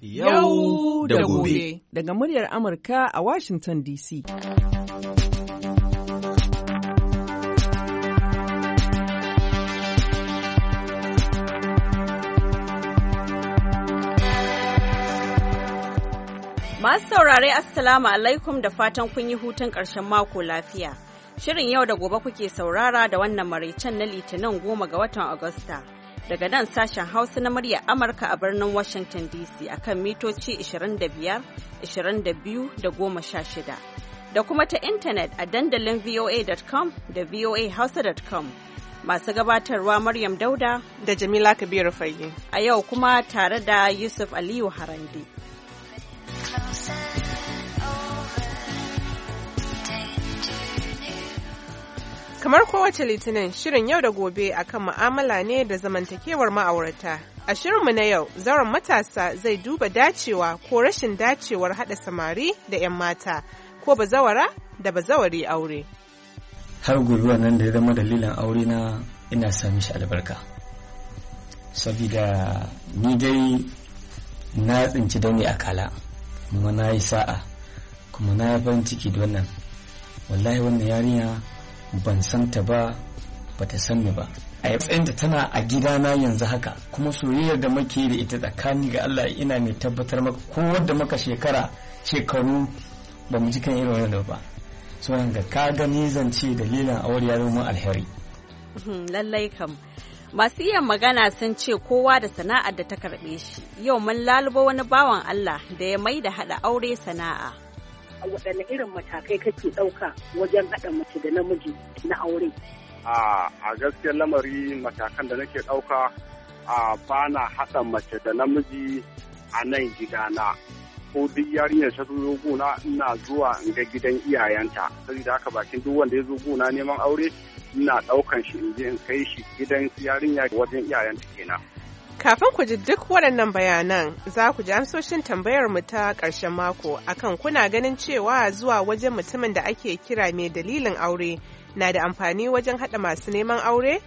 yau da gobe daga muryar Amurka a Washington DC. Masu saurare Assalamu alaikum da fatan kun yi hutun ƙarshen mako lafiya. Shirin yau da gobe kuke saurara da wannan maraicen na Litinin goma ga watan Agusta. daga nan sashen hausa na murya amurka a birnin washington dc akan mitoci 25 22 da 16 da kuma ta intanet a dandalin voa.com da voahausa.com masu gabatarwa maryam dauda da jamila kabiru fage a yau kuma tare da yusuf aliyu harande Kamar kowace litinin shirin yau da gobe a kan ma'amala ne da zamantakewar ma'aurata. A shirinmu na yau, zauren matasa zai duba dacewa ko rashin dacewar haɗa samari da 'yan mata, ko bazawara da bazawari aure. Har gobe nan da ya zama dalilin aure na ina sami shi albarka. Sabida ni dai na tsinci dauni a kala, kuma na yi sa'a, kuma na yi ban ciki da wannan. Wallahi wannan yarinya ban san ta ba bata san ni ba a yatsayin da tana a gidana yanzu haka kuma soyayyar da muke da ita tsakani ga Allah ina mai tabbatar maka ko wanda maka shekara shekaru ba mu ji kan irin wannan ba so ga ka gani zance dalilin aure ya zama alheri hmm, lallai kam masu iya magana sun ce kowa da sana'ar da ta karbe shi yau mun lalubo wani bawan Allah da ya mai da haɗa aure sana'a waɗanne irin matakai kake ɗauka wajen haɗa mace da namiji na aure? A gaskiyar lamari matakan da nake ɗauka a bana haɗa mace da namiji a nan gidana. Ko duk yarinyar ta zo guna ina zuwa in ga gidan iyayenta. da haka bakin duk wanda ya zo guna neman aure ina ɗaukan shi in je in kai shi gidan yarinya wajen iyayenta kenan. Kafin ku ji duk waɗannan bayanan za ku ji amsoshin tambayar mu ta ƙarshen mako akan kuna ganin cewa zuwa wajen mutumin da ake kira mai dalilin aure na da amfani wajen haɗa masu neman aure?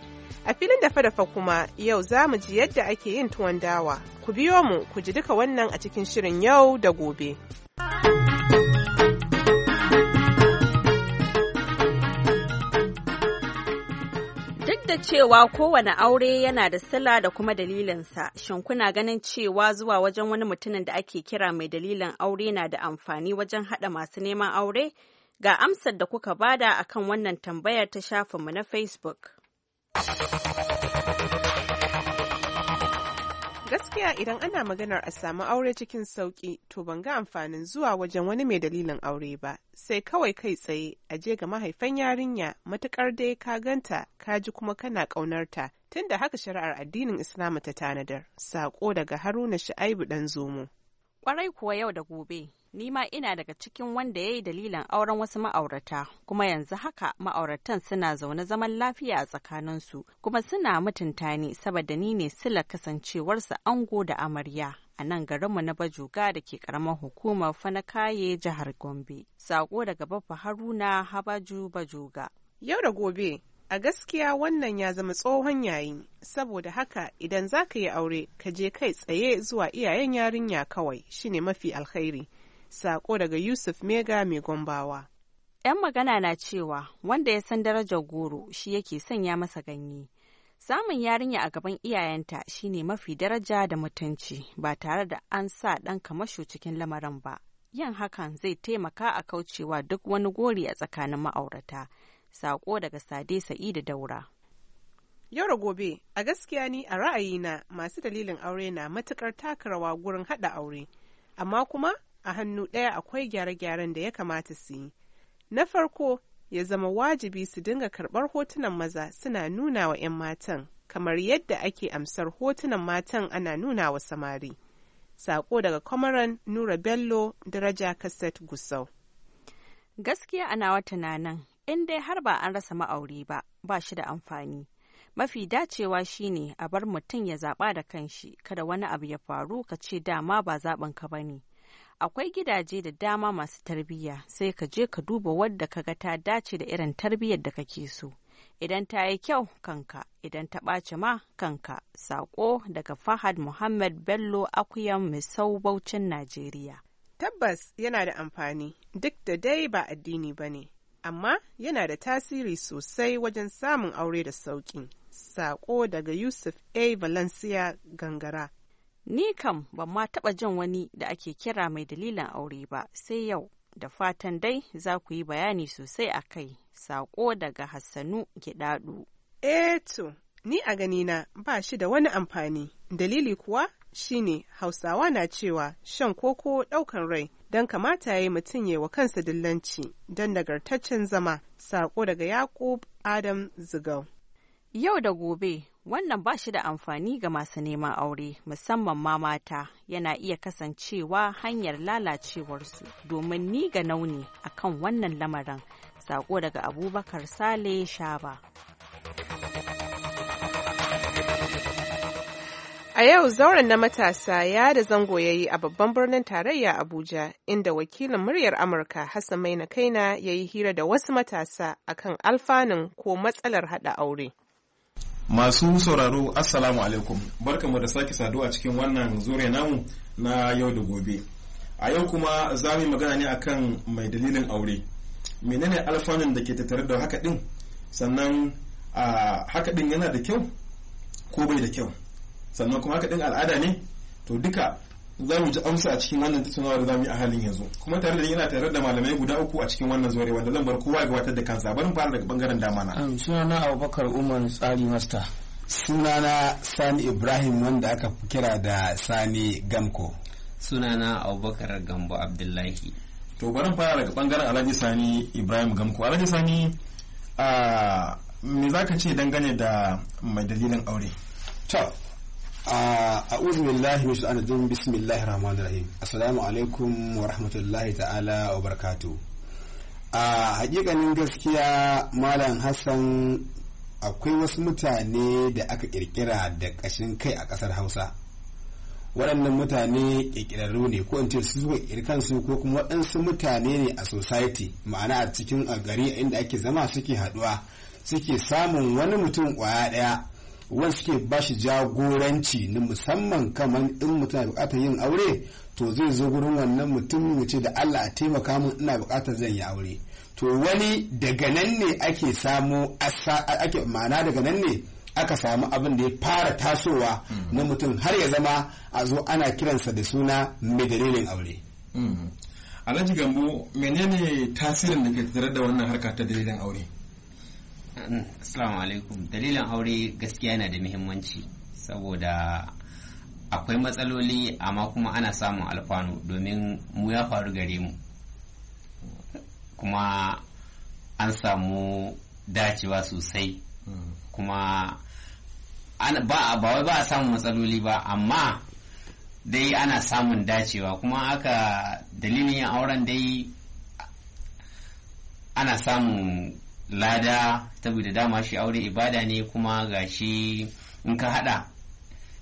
A filin dafa dafa kuma yau za mu ji yadda ake yin tuwon dawa. Ku biyo mu ku ji duka wannan a cikin shirin yau da gobe. da cewa kowane aure yana da sila da kuma dalilinsa, shin kuna ganin cewa zuwa wajen wani mutumin da ake kira mai dalilin aure na da amfani wajen haɗa masu neman aure? Ga amsar da kuka bada akan wannan tambayar ta shafinmu na Facebook. Gaskiya idan ana maganar a samu aure cikin sauƙi to ban ga amfanin zuwa wajen wani mai dalilin aure ba sai kawai kai tsaye a je ga mahaifan yarinya matukar dai ka ganta ka ji kuma kana ƙaunarta tunda haka shari'ar addinin islamu ta tanadar. Sako daga Haruna shi'aibu dan zomo. Kwarai kuwa yau da gobe, ni ma ina daga cikin wanda ya yi dalilan auren wasu ma'aurata, kuma yanzu haka ma'auratan suna zaune zaman lafiya a tsakaninsu, kuma suna mutunta ni saboda ni ne sila kasancewarsa ango da amarya. a nan garinmu na Bajuga da ke karamar hukumar Fanakaye jihar Gombe. Sako daga bafa Haruna Habaju Bajuga. Yau da gobe A gaskiya wannan ya zama tsohon yayi, saboda haka idan za ka yi aure ka je kai tsaye zuwa iyayen yarinya kawai shine mafi alkhairi. Sako daga Yusuf Mega mai gombawa. 'Yan magana na cewa wanda ya san darajar goro shi yake sanya masa ganye. Samun yarinya a gaban iyayenta shine mafi daraja da mutunci ba tare da an sa ɗan kamasho cikin lamarin ba. Yin hakan zai taimaka a kaucewa duk wani gori a tsakanin ma'aurata. Sako daga Sade Sa'idu Daura. Yau da gobe, a gaskiya ni a ra'ayina masu dalilin aure na matukar taka rawa gurin haɗa aure, amma kuma a hannu ɗaya akwai gyare-gyaren da ya kamata su yi. Na farko, ya zama wajibi su dinga karɓar hotunan maza suna nuna wa 'yan matan, kamar yadda ake amsar hotunan matan ana nuna wa samari. Sako daga Kwamaran Nura Bello Daraja Kaset Gusau. Gaskiya ana wata nan in dai har ba an rasa ma'auri ba ba shi da amfani mafi dacewa shine a bar mutum ya zaɓa da kanshi kada wani abu ya faru ka ce dama ba zaɓin ka bane akwai gidaje da dama masu tarbiyya sai ka je ka duba wadda ka ga ta dace da irin tarbiyyar da kake so idan ta yi kyau kanka idan ta ɓace ma kanka sako daga fahad muhammad bello akuyan misau baucin najeriya tabbas yana da amfani duk da dai ba addini ba ne amma yana da tasiri sosai wajen samun aure da sauƙi. Sako daga Yusuf A. Valencia Gangara. Ni kam ban ma taɓa jin wani da ake kira mai dalilin aure ba sai yau da fatan dai za ku yi bayani sosai a kai. Sako daga Hassanu Gidaɗu. Eto, eh ni a ganina ba shi da wani amfani, dalili kuwa shine hausawa na cewa shan koko ɗaukan rai don kamata ya yi mutum ya wa kansa dillanci don nagartaccen zama saƙo daga yakub adam zigau yau da gobe wannan ba shi da amfani ga masu neman aure musamman ma mata yana iya kasancewa hanyar lalacewarsu domin ni ga nauni akan wannan lamarin saƙo daga abubakar sale shaba A yau zauren na matasa ya da zango ya yi a babban birnin tarayya Abuja inda wakilin muryar Amurka Hassan Maina Kaina ya yi hira da wasu matasa akan alfanun ko matsalar haɗa aure. Masu sauraro Assalamu alaikum barkamu da sake saduwa cikin wannan zure namu na yau da gobe. A yau kuma za mu yi magana ne akan mai dalilin aure. Menene alfanun da ke tattare da haka ɗin? Sannan a haka ɗin yana da kyau ko bai da kyau? sannan kuma haka din al'ada ne to duka za mu ji amsa a cikin wannan tattaunawa da za mu yi a halin yanzu kuma tare da yana tare da malamai guda uku a cikin wannan zuwa wanda zan bar kowa gabatar da kansa barin fara daga bangaren dama na sunana abubakar umar tsari master sunana sani ibrahim wanda aka fi kira da sani gamko sunana abubakar gambo abdullahi to barin fara daga bangaren alhaji sani ibrahim gamko alhaji sani a ah, me za ka ce dangane da mai dalilin aure a billahi min shaitanir bismillahir rahmanir rahim assalamu alaikum wa rahmatullahi ta'ala wa barkatu a hakikanin gaskiya malam hassan akwai wasu mutane da aka kirkira da kashin kai a kasar hausa waɗannan mutane kirkirarru ne ko in ce su suka su ko kuma waɗansu mutane ne a society ma'ana a cikin a gari inda ake zama suke haɗuwa suke samun wani mutum ƙwaya ɗaya wanda suke ba shi jagoranci na musamman kamar in mutum na bukatar yin aure to zai zo gurin wannan mutum ya ce da Allah a taimaka min ina bukatar zan yi aure to wani daga nan ne ake samu ake ma'ana daga nan ne aka samu abin da ya fara tasowa mm. na mutum har ya zama a zo ana kiransa da suna mai dalilin aure mm. alhaji gambo menene tasirin da ke tattare da wannan harka ta dalilin aure assalamu alaikum dalilin aure gaskiya yana da muhimmanci saboda akwai matsaloli amma kuma ana samun alfanu domin mu ya faru gare mu kuma an samu dacewa sosai kuma ba wai ba a samun matsaloli ba amma dai ana samun dacewa kuma aka dalilin yin auren dai ana samun lada saboda dama shi aure ibada ne kuma ga shi in ka hada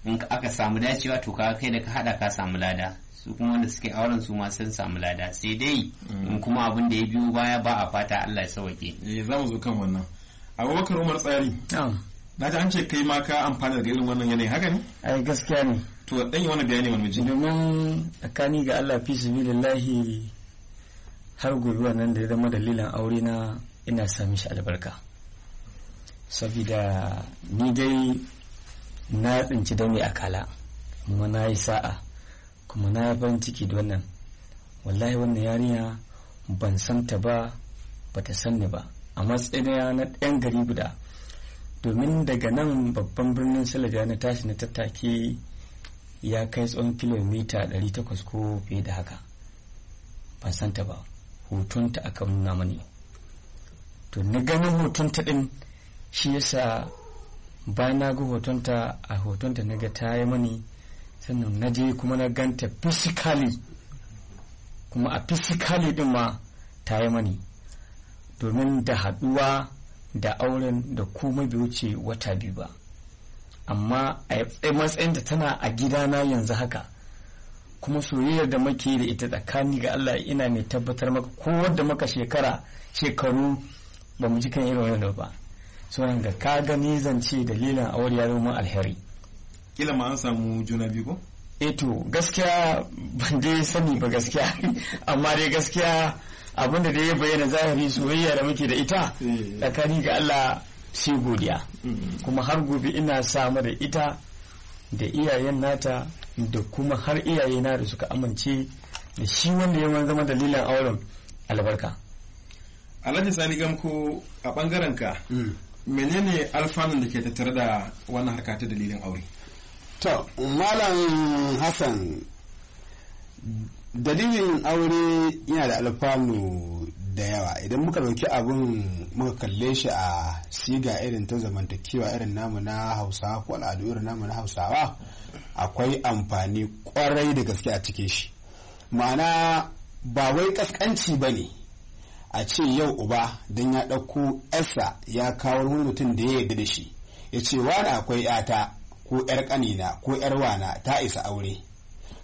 in aka samu dacewa to ka kai da ka hada ka samu lada su kuma wanda suke auren su ma sun samu lada sai dai in mm. kuma abin da ya biyo baya ba a fata Allah ya sauke eh za mu zo kan wannan abubakar umar tsari na ji an ce kai ma ka amfana daga irin wannan yanayi haka ne ai gaskiya ne to dan yi wani bayani wani miji domin tsakani ga Allah fi sabilillahi har gobe wannan da ya zama dalilan aure na ina sa mishi albarka saboda ni dai na tsinci da mai akala kuma na yi sa'a kuma na ban ciki da wannan wallahi wannan yarinya ban san ta ba ba ta san ni ba a matsayina na ɗan gari guda domin daga nan babban birnin salaja na tashi na tattaki ya kai tsawon kilomita 800 ko fiye da haka ban san ta ba hutunta aka nuna mani to na ganin hotonta din shi yasa ba na ga hotonta a hotonta na ga ta yi mani sannan na je kuma na ganta fisikali kuma a fisikali din ma ta yi mani domin da haduwa da auren da komai bai wuce wata biyu ba amma a matsayin da tana a gidana yanzu haka kuma soyayyar da muke da ita tsakani ga Allah ina mai tabbatar maka ko wadda maka shekara shekaru ba mu ji kan irin wannan ba so ga ka ga ni zance dalilin awar ya zama alheri kila ma an samu juna biyu ko eh to gaskiya ban dai sani ba gaskiya amma dai gaskiya abin da ya bayyana zahiri soyayya da muke da ita eh. tsakani ga Allah sai godiya mm-hmm. kuma har gobe ina samu da ita da iyayen nata da kuma har iyaye na da suka amince da shi wanda ya zama dalilan auren albarka alhaji sani gamko a bangaren ka hmm. menene alfanun da ke tattare da wannan harka ta dalilin aure to malam hassan dalilin aure yana da alfanu da yawa idan muka dauki abun muka kalle shi a siga irin ta zamantakewa irin namu na hausawa ko al'adu irin namu na hausawa akwai amfani kwarai da gaske a cikin shi ma'ana ba wai kaskanci ba ne a ce yau uba don ya ɗauko yarsa ya kawo wani mutum da ya yarda da shi ya ce wani akwai yata ko yar ƙanina ko yar wana ta isa aure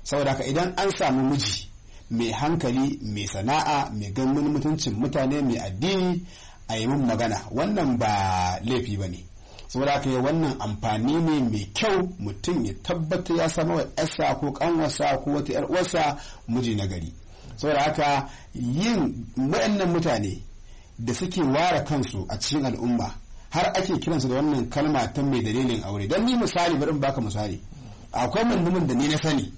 saboda ka idan an sami miji mai hankali mai sana'a mai ganin mutuncin mutane mai addini a yi min magana wannan ba laifi ba ne saboda yi wannan amfani ne mai kyau mutum ya tabbata ya samu wa yarsa ko kanwarsa ko wata yar uwarsa miji na gari saboda haka yin waɗannan mutane da suke ware kansu a cikin al'umma har ake kiransu da wannan kalma ta mai dalilin aure don ni misali bari in baka misali akwai mandumin da ni na sani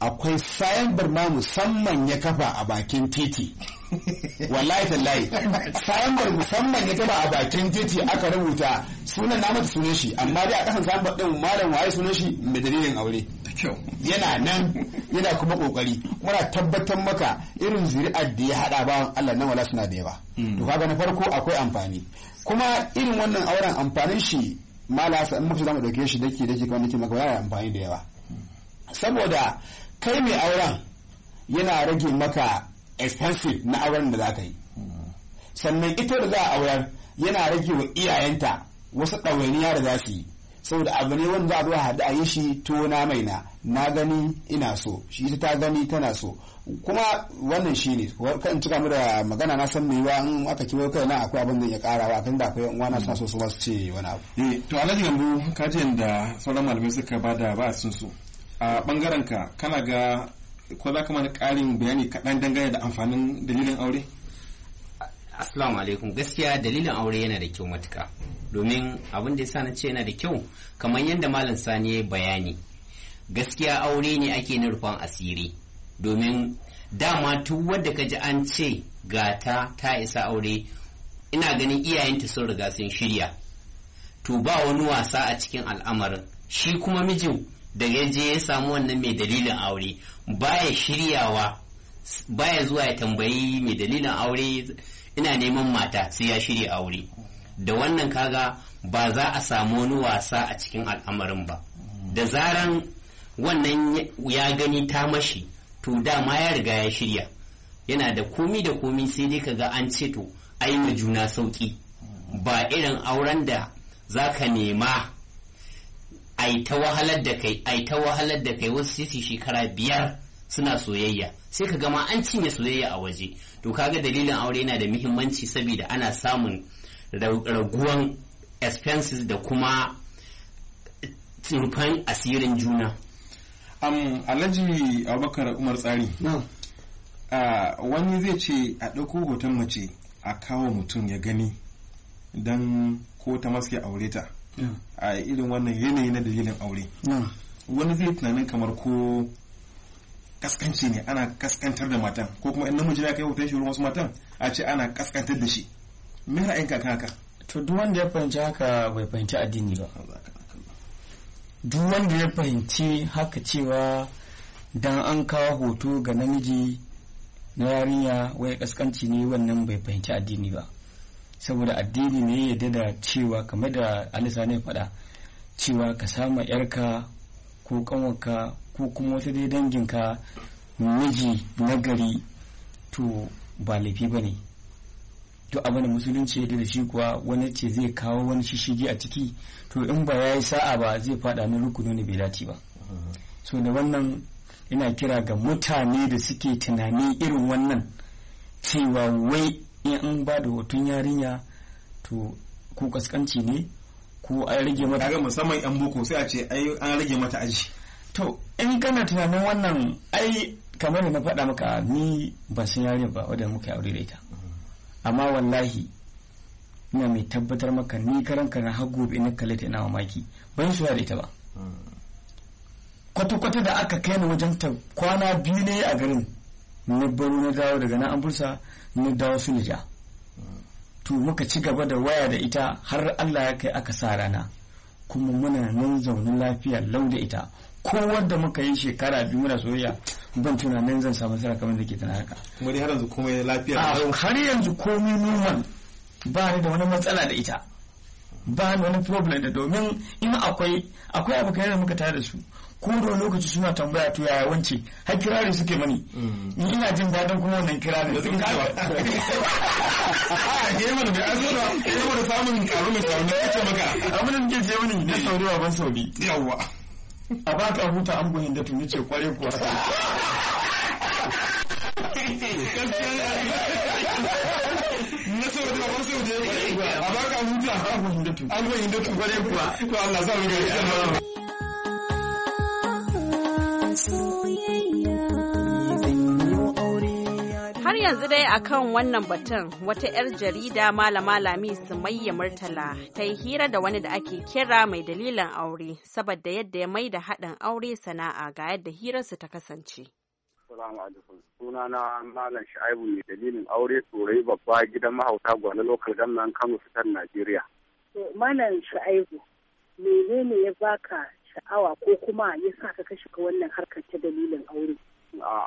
akwai sayan barma musamman ya kafa a bakin titi wallahi tallahi sayan bar musamman ya kafa a bakin titi aka rubuta sunan na mata sunan shi amma dai a kasan sayan bar din malam waye sunan shi mai dalilin aure yana nan yana kuma kokari muna tabbatar maka irin zuri'ar da ya hada bawan Allah nan wala suna da yawa hmm. to kaga na farko akwai amfani kuma irin wannan auren amfanin shi mala sa muka zama dauke shi dake dake kuma nake maka yana amfani da yawa saboda kai mai auren yana rage maka expensive na auren da zaka yi sannan ita da za a auren yana rage wa iyayenta wasu ɗawainiya da za su yi saboda abu ne wanda za a zuwa haɗu a yi shi tona mai na na gani ina so shi ita ta gani tana so kuma wannan shi ne kan cika mu da magana na san mai wa aka kiwo kai na akwai abin da ya kara wa kan da akwai yan uwana suna so su wasu ce wani abu eh to alhaji gambo ka ce da sauran malamai suka da ba sun so a bangaren ka kana ga ko za ka mana karin bayani kaɗan dangane da amfanin dalilin aure assalamu alaikum gaskiya dalilin aure yana da kyau matuka domin abin da yasa na ce yana da kyau kamar yadda malam sani ya bayani gaskiya aure ne ake na asiri domin dama tun wadda ka ji an ce ga ta ta isa aure ina ganin iyayenta sun riga sun shirya to ba wani wasa a cikin al'amarin shi kuma mijin da ya je ya samu wannan mai dalilin aure baya shiryawa baya zuwa ya tambayi mai dalilin aure ina neman mata sai ya shirya aure da wannan kaga ba za a samu wani wasa a cikin al'amarin ba da zaran wannan ya gani ta mashi to dama ya riga ya shirya yana da komi da komi sai dai kaga an ce to ai ma juna sauki ba irin auren da za ka nema ai ta wahalar da kai ai ta wahalar da kai wasu sisi shekara biyar suna soyayya sai ka gama an cinye soyayya a waje to kaga dalilin aure yana da muhimmanci saboda ana samun raguwan expenses da kuma tsirfan asirin juna um, alhaji abubakar umar tsari no. wani zai ce a ɗauko hoton mace a kawo mutum ya gani don ko ta maske aure ta a irin wannan yanayi na dalilin aure wani zai tunanin kamar ko kaskanci ne ana kaskantar da matan ko kuma in namiji ya kai wutar shi wurin wasu matan a ce ana kaskantar da shi me ra'ayinka kan haka to duk wanda ya fahimci haka bai fahimci addini ba duk wanda ya fahimci haka cewa dan an kawo hoto ga namiji na yarinya wai kaskanci ne wannan bai fahimci addini ba saboda addini ne ya da cewa kamar da alisa ne faɗa cewa ka sama yarka ko kanwarka ko kuma wata dai danginka miji nagari to ba laifi ba ne to abin da musulunci da shi kuwa wani ce zai kawo wani shishigi a ciki to in ba ya yi sa'a ba zai fada na rukunu ne bai dace ba so da wannan ina kira ga mutane da suke tunani irin wannan cewa wai in an ba da hoton yarinya to ko kaskanci ne ko an rage mata kaga musamman yan boko sai a ce ai an rage mata aji to in kana tunanin wannan ai kamar da na faɗa maka ni ba san yare ba wadda muka aure da ita amma wallahi ina mai tabbatar maka ni karan kana har gobe na kalle ta ina mamaki ban soya da ita ba kwata-kwata da aka kai ni wajen ta kwana biyu ne a garin na baro na dawo daga na ambursa na dawo sulija to muka ci gaba da waya da ita har Allah ya kai aka sa rana kuma muna nan zaune lafiya lau da ita ko wanda muka yi shekara biyu muna soyayya ban nan zan samu sarrafa kamar da ke tana haka kuma har yanzu komai lafiya ah, har yanzu komai normal ba ni da wani matsala da ita ba ni wani problem da domin in akwai akwai da muka tare da su ko da lokaci suna tambaya to yaya wance har kirari suke mani mm. ni ina jin daɗin kuma wannan kirari da suke kawo a ga mana bai azo da ga mana samun karo mai sauri ya ce maka abin da nake ce mani na sauri wa ban sauri yawwa a baka huta an gohin da tuni ce kware kuwa nasarar da wasu da ya kware kuwa a baka huta a gohin da tuni an gohin da tuni kware kuwa to Allah sa mu ga Har yanzu dai akan wannan batun wata 'yar jarida malama Lami Sumayya Murtala ta yi hira da wani da ake kira mai dalilan aure saboda yadda ya mai da haɗin aure sana'a ga yadda hirarsu ta kasance. alaikum. Suna na Malam Sha'ibu mai dalilin aure tsorai babba gidan mahauta gwani Local Government Kano Fitar Najeriya. Malam Sha'ibu, menene ya baka sha'awa ko kuma ya sa ka kashe ka wannan harkar ta dalilin aure?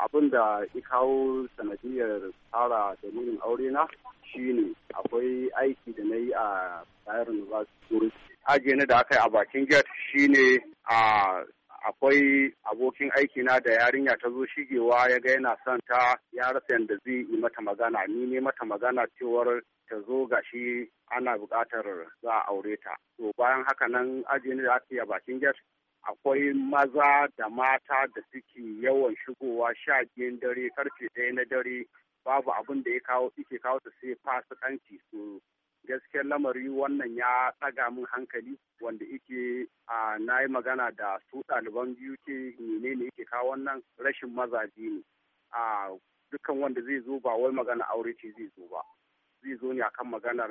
Abin da ya kawo sanadiyar tsara dalilin aure na shi ne. akwai aiki da na yi a Bayar University. Ajiye na da aka yi a bakin shi shine a akwai abokin aiki na da yarinya ta zo shigewa ya ga yana son ta ya rasa yadda zai yi mata magana ni ne mata magana cewar ta zo gashi ana buƙatar za a aure ta to bayan haka nan ajiye da aka a bakin gas akwai maza da mata da suke yawan shigowa sha biyan dare karfe ɗaya na dare babu abin da ya kawo suke kawo su sai fasikanci su gaskiyar lamari wannan ya tsaga min hankali wanda ike a na yi magana da su ɗaliban biyu ke menene ike kawo wannan rashin mazaje ne a dukkan wanda zai zo ba wai magana aure ce zai zo ba zai zo ne akan maganar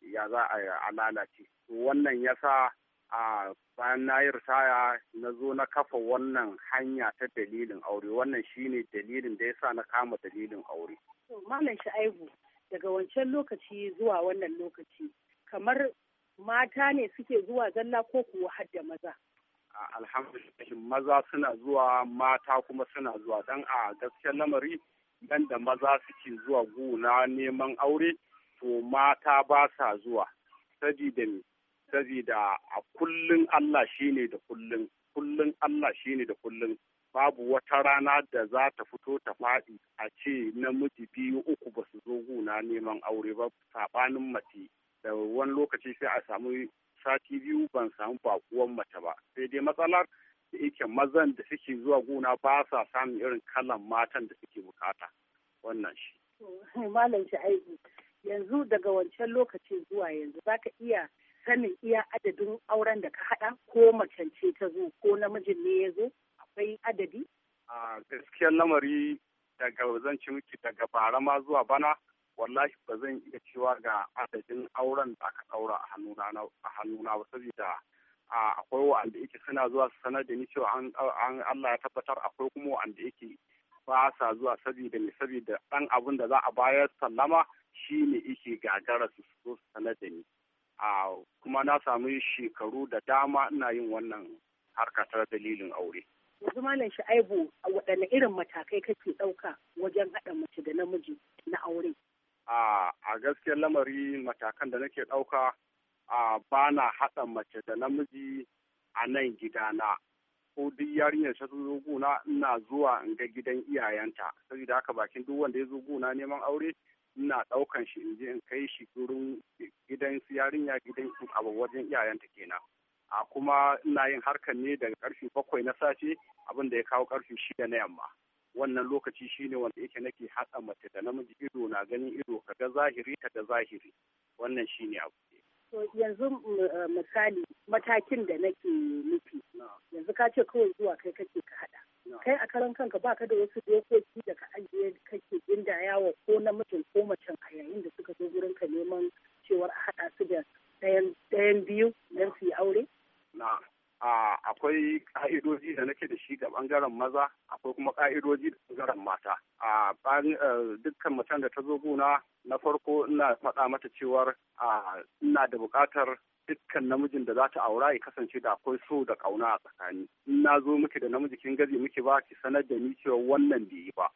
ya za a lalace wannan ya sa a bayan na yi ritaya na zo na kafa wannan hanya ta dalilin aure wannan shine dalilin da ya sa na kama dalilin aure. Malam Shaibu daga wancan lokaci zuwa wannan lokaci kamar mata ne suke zuwa zalla ko kuwa hadda maza. Alhamdulillah maza suna zuwa mata kuma suna zuwa dan a gaskiyar lamari dan da maza suke zuwa gona neman aure to mata ba sa zuwa. Sabida saboda a kullun Allah shine da kullun kullun Allah shine da kullun babu wata rana da za ta fito ta faɗi a ce namiji biyu uku ba su zo guna neman aure ba saɓanin mace da wani lokaci sai a samu sati biyu ban samu bakuwan mace ba sai dai matsalar da yake mazan da suke zuwa guna ba sa samun irin kalan matan da suke bukata wannan shi. Malam yanzu daga wancan lokacin zuwa yanzu za ka iya sanin iya adadin auren da ka haɗa ko macance ta zo ko namijin ne ya zo akwai adadi? A gaskiyar lamari daga zan ci miki daga bara ma zuwa bana wallahi ba zan iya cewa ga adadin auren da aka ɗaura a hannuna ba saboda akwai wa'anda yake suna zuwa su sanar da ni cewa an Allah ya tabbatar akwai kuma wa'anda yake ba sa zuwa saboda ne saboda ɗan abin da za a bayar sallama shi ne yake gagara su zo su sanar da ni. a kuma na samu shekaru da dama ina yin wannan harka ta dalilin aure. yanzu malam sha'aibu a waɗanne irin matakai kake ɗauka wajen haɗa mace da namiji na aure? a gaskiyar lamari matakan da nake ɗauka a ba na haɗa mace da namiji a nan gidana ko duk yarinyar ta zo guna ina zuwa in ga gidan iyayenta Sabida haka bakin duk wanda ya zo guna neman aure ina ɗaukan shi in je in kai shi gurin gidan su yarinya gidan su a wajen iyayenta kenan a kuma ina yin harkar ne daga karfe bakwai na safe abin da ya kawo karfe shida na yamma wannan lokaci shine wanda yake nake haɗa mace da namiji ido na ganin ido ka zahiri ta da zahiri wannan shine abu yanzu eh, misali matakin da nake nufi yanzu ka ce kawai zuwa kai kake ka haɗa kai a karan kanka baka da wasu dokoki da ka ajiye kake gindayawa ko na mutum ko macen a yayin da suka zo wurin ka neman cewar a haɗa su da ɗayan biyu don su yi aure? Na, akwai ƙa'idoji da nake da shi ga ɓangaren maza, akwai kuma ƙa'idoji da ɓangaren mata. A eh, dukkan macen da ta zo guna na farko ina faɗa mata cewar ina da buƙatar dukkan namijin da za ta aura ya kasance da akwai so da kauna a tsakani in na zo miki da namiji kin gaji miki ba ki sanar da ni cewa wannan bai yi ba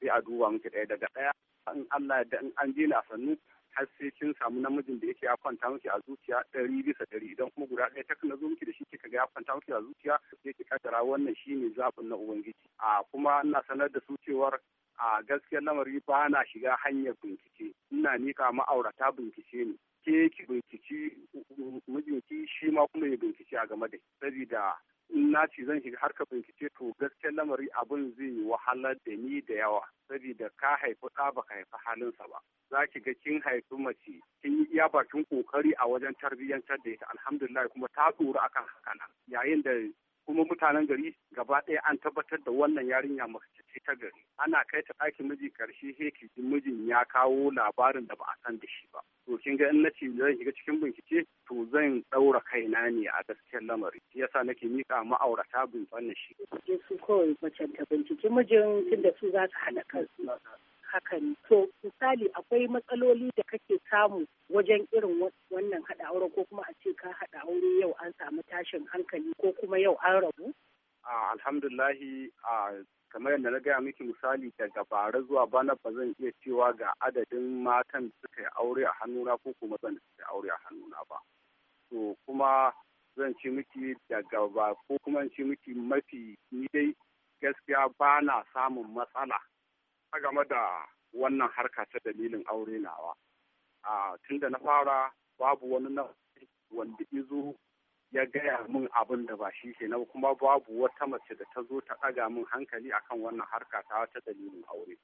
sai a duba miki ɗaya daga ɗaya in Allah yadda in an je na sannu har sai kin samu namijin da yake ya kwanta miki a zuciya ɗari bisa ɗari idan kuma guda ɗaya na zo miki da shi kika ga ya kwanta miki a zuciya sai ki kaddara wannan shi ne zaɓin na ubangiji a kuma ina sanar da su cewar a gaskiyar lamari ba na shiga hanyar bincike ina nika ma'aurata bincike ne ke ki ma kuma ya bincike a game da saboda in na ce zan shiga harka bincike to gaskiyar lamari abin zai wahala da ni da yawa saboda ka haifi ɗa ba ka haifi halinsa ba za ki ga kin haifi mace kin yi iya bakin kokari a wajen tarbiyyantar da ita alhamdulillah kuma ta tsoro akan hakana yayin da kuma mutanen gari gaba ɗaya an tabbatar da wannan yarinya mace ce ta gari ana kai ta ɗakin miji karshe sai ki ji mijin ya kawo labarin da ba a san da shi to kin ga in nace zan shiga cikin bincike to zan tsaura kaina ne a gaskiyar lamari yasa nake mika ma'aurata bin wannan shi je su kawai macen ta bincike mijin tunda su za su hana kansu hakan to misali akwai matsaloli da kake samu wajen irin wannan hada aure ko kuma a ce ka hada aure yau an samu tashin hankali ko kuma yau an rabu alhamdulahi kamar yadda na gaya miki misali daga bara zuwa bana ba zan iya cewa ga adadin matan da suka yi aure a hannuna ko kuma zan da suka yi aure a hannuna ba to kuma zan ci miki daga ba ko kuma ci miki mafi ni dai gaskiya bana samun matsala a game da wannan harka ta dalilin aure nawa a tun na fara babu wani na wanda izo ya gaya mun abin da ba shi ke na kuma babu wata mace da ta zo ta ɗaga min hankali akan wannan harka ta ta dalilin aure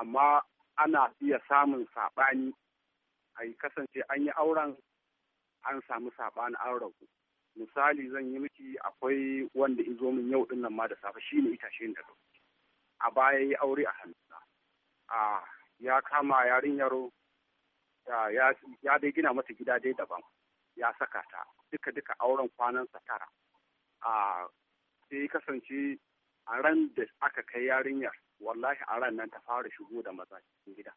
amma ana iya samun saɓani a yi kasance an yi auren an samu saɓani an ragu. misali zan yi miki akwai wanda izo min yau din nan ma da safe shi ne shi da a baya ya aure a hannuna a ya kama yarinyar ya dai gina mata gida dai daban ya saka ta duka duka auren kwanansa sa tara a sai kasance a ran da aka kai yarinyar wallahi a ran nan ta fara shigo da maza cikin gida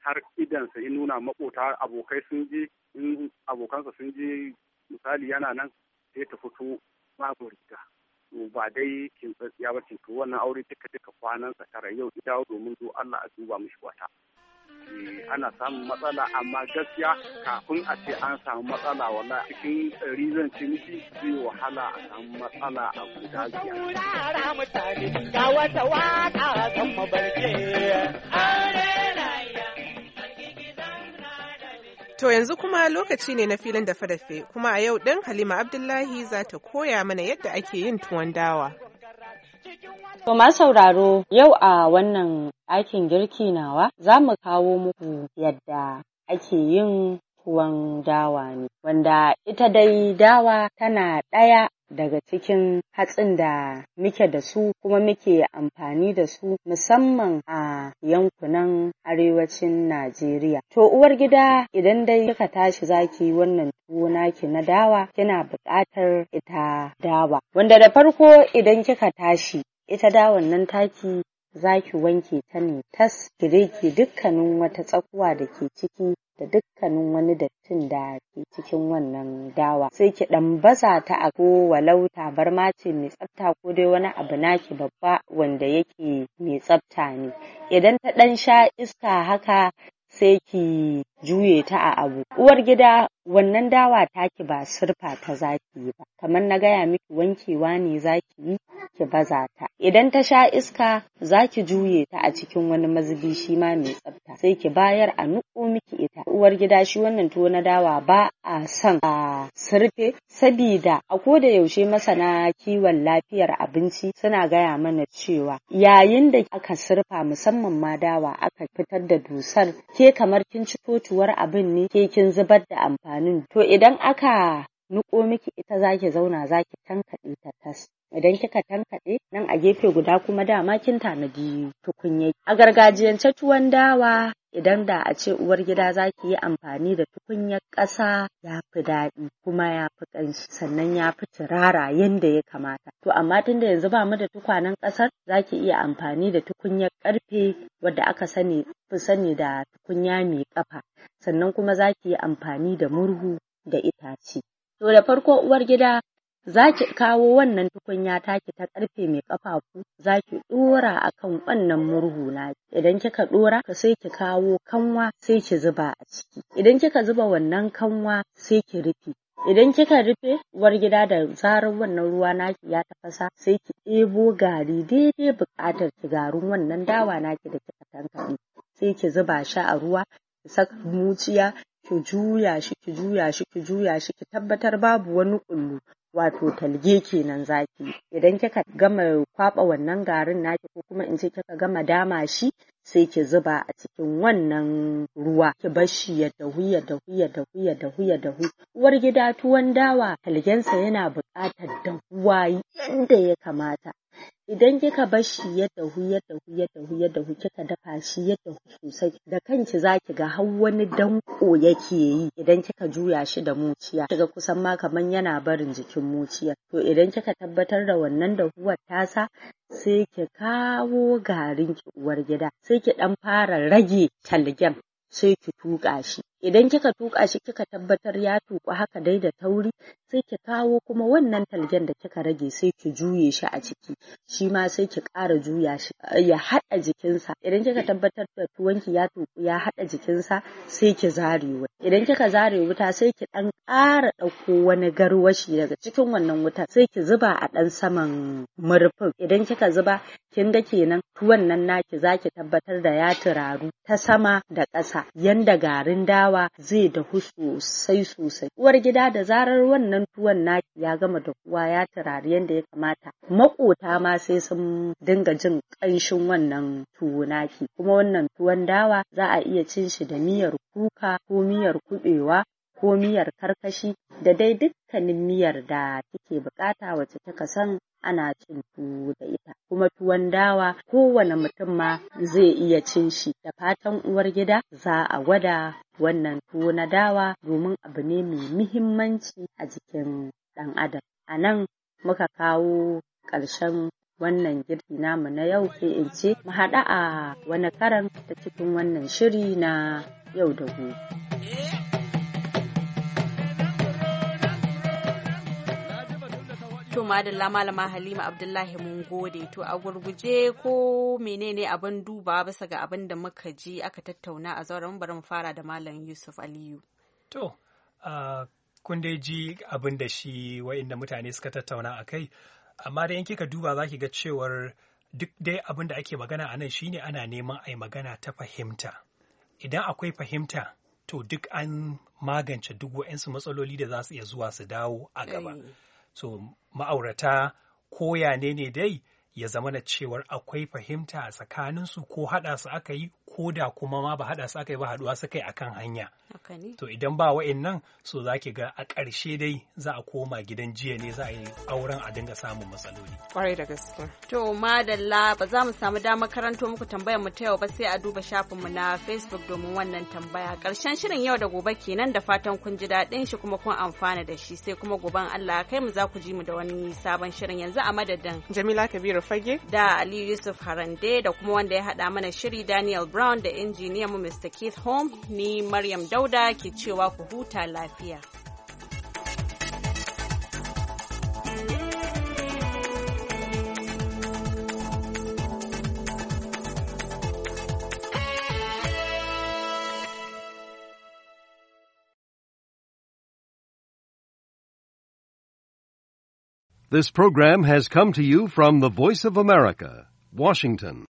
har idansa ya nuna makota abokai sun je in abokansa sun je misali yana nan sai ta fito babu riga ba dai tsatsiya ba cikin wannan aure duka duka kwanansa tara yau ita domin zo Allah a duba mishi wata ana samun matsala amma gaskiya kafin a ce an samu matsala wala cikin rizan ciniki zai wahala a samu matsala a guda To yanzu kuma lokaci ne na filin da fadafe kuma a yau ɗin Halima Abdullahi za ta koya mana yadda ake yin tuwon dawa. To ma sauraro yau a wannan ɗakin girki nawa za mu kawo muku yadda ake yin tuwon dawa ne wanda ita dai dawa tana ɗaya daga cikin hatsin da muke da su kuma muke amfani da su musamman a yankunan arewacin Najeriya. To uwar gida idan dai kika tashi zaki wannan tuwo naki na dawa kina buƙatar ita dawa wanda da farko idan kika tashi ita dawan nan taki za ki wanke ta ne tas ki reke dukkanin wata tsakuwa da ke ciki da dukkanin wani dattin da ke cikin wannan dawa sai ki dan baza ta a ko walau ma ce mai tsafta ko dai wani abu naki babba wanda yake mai tsafta ne idan ta ɗan sha iska haka sai ki juye ta a abu uwar gida wannan dawa ta ki ba surfa ta zaki ba kamar na gaya miki wankewa ne zaki yi ki baza ta idan ta sha iska zaki juye ta a cikin wani mazubi shi ma mai tsafta sai ki bayar a nuko miki ita uwar gida shi wannan tuwo na dawa ba a son a surfe sabida a koda yaushe masana kiwon lafiyar abinci suna gaya mana cewa yayin da aka surfa musamman ma dawa aka fitar da dusar ke kamar kin ci kasuwar abin ne ke kin zubar da amfanin to idan aka niƙo miki ita zaki zauna zaki tankaɗe ta tas idan kika tankaɗe nan a gefe guda kuma dama kin tanadi tukunya a gargajiyance tuwon dawa idan da a ce uwar gida za ki yi amfani da tukunyar ƙasa ya fi daɗi kuma ya fi ƙanshi sannan ya fi turara yadda ya kamata to amma tun da yanzu ba mu da tukwanen ƙasar za ki iya amfani da tukunyar ƙarfe wadda aka sani fi sani da tukunya mai ƙafa sannan kuma za ki yi amfani da murhu da itace to da farko uwar gida za ki kawo wannan tukunya taki ta karfe mai kafafu za ki dora akan wannan murhu na idan kika dora sai ki kawo kanwa sai ki zuba a ciki idan kika zuba wannan kanwa sai ki rufe idan kika rufe uwar gida da zarar wannan ruwa naki ya tafasa sai ki ɗebo gari daidai buƙatar ki garin wannan dawa naki da kika tankaɗe sai ki zuba shi a ruwa ki saka muciya ki juya shi ki juya shi ki juya shi ki tabbatar babu wani ƙullu wato talge kenan zaki idan kika gama kwaba wannan garin naki ko kuma in ce kika gama dama shi sai ki zuba a cikin wannan ruwa ki bar shi ya dahu ya dahu ya dahu ya dahu ya dahu uwar gida tuwon dawa talgensa yana buƙatar dahuwa yanda ya kamata idan kika barshi ya dahu ya dahu ya dahu ya dahu kika dafa shi ya dahu sosai da kanki zaki ga har wani danƙo yake yi idan kika juya shi da muciya kiga kusan ma kaman yana barin jikin muciya. to idan kika tabbatar da wannan dahuwar tasa sai ki kawo garin ki uwar gida. sai ki ɗan fara rage talgen sai ki tuƙa shi idan kika tuƙa shi kika tabbatar ya tuƙu haka dai da tauri sai ki kawo kuma wannan talgen da kika rage sai ki juye shi a ciki shi ma sai ki ƙara juya shi ya haɗa jikinsa idan kika tabbatar da tuwonki ya tuƙu ya haɗa jikinsa sai ki zare wuta idan kika zare wuta sai ki ɗan ƙara ɗauko wani garwashi daga cikin wannan wuta, sai ki zuba a ɗan saman murfin idan kika zuba kin ga kenan tuwon nan naki zaki tabbatar da ya turaru ta sama da ƙasa yanda garin dawa yawa zai dahu sosai sosai uwar gida da zarar wannan tuwon naki ya gama da kuwa ya turari yadda ya kamata makota ma sai sun dinga jin ƙanshin wannan tuwo naki kuma wannan tuwon dawa za a iya cin shi da miyar kuka ko miyar kuɓewa ko miyar karkashi da dai dukkanin miyar da kike bukata wacce kika san ana cin tuwo da ita kuma tuwon dawa kowane mutum ma zai iya cin shi da fatan uwar gida za a gwada wannan tuwo na dawa domin abu ne mai muhimmanci a jikin ɗan adam a nan muka kawo ƙarshen wannan girki namu na yau sai in ce mu haɗa a wani karan ta cikin wannan shiri na yau da gobe. To madalla malama Halima Abdullahi mun gode. To a gurguje ko menene abin duba bisa ga abin da muka ji aka tattauna a zauren bari mu fara da malam Yusuf Aliyu. To kun dai ji abin da shi wa'inda mutane suka tattauna a kai amma da yanke ka duba za ki ga cewar duk dai abin da ake magana a nan shine ana neman a yi magana ta fahimta idan akwai fahimta to duk an magance duk wa'insu matsaloli da za su iya zuwa su dawo a gaba. so ma'aurata koya ne ne dai ya zama na cewar akwai fahimta a tsakaninsu ko haɗa su aka yi ko da kuma ma ba haɗa su ba haɗuwa su kai akan hanya to idan ba nan so za ki ga a ƙarshe dai za a koma gidan jiya ne za a yi auren a dinga samun matsaloli kwarai da gaske to madalla ba za mu samu damar karanto muku tambayar mu ta yau ba sai a duba shafin mu na facebook domin wannan tambaya ƙarshen shirin yau da gobe kenan da fatan kun ji daɗin shi kuma kun amfana da shi sai kuma goben Allah kai mu za ku ji mu da wani sabon shirin yanzu a madadin Jamila Kabiru Fage da Ali Yusuf Harande da kuma wanda ya haɗa mana shiri Daniel Brown Brown da injiniya mu Mr. Keith Home ni Maryam Dauda ke cewa ku huta lafiya. This program has come to you from the Voice of America, Washington.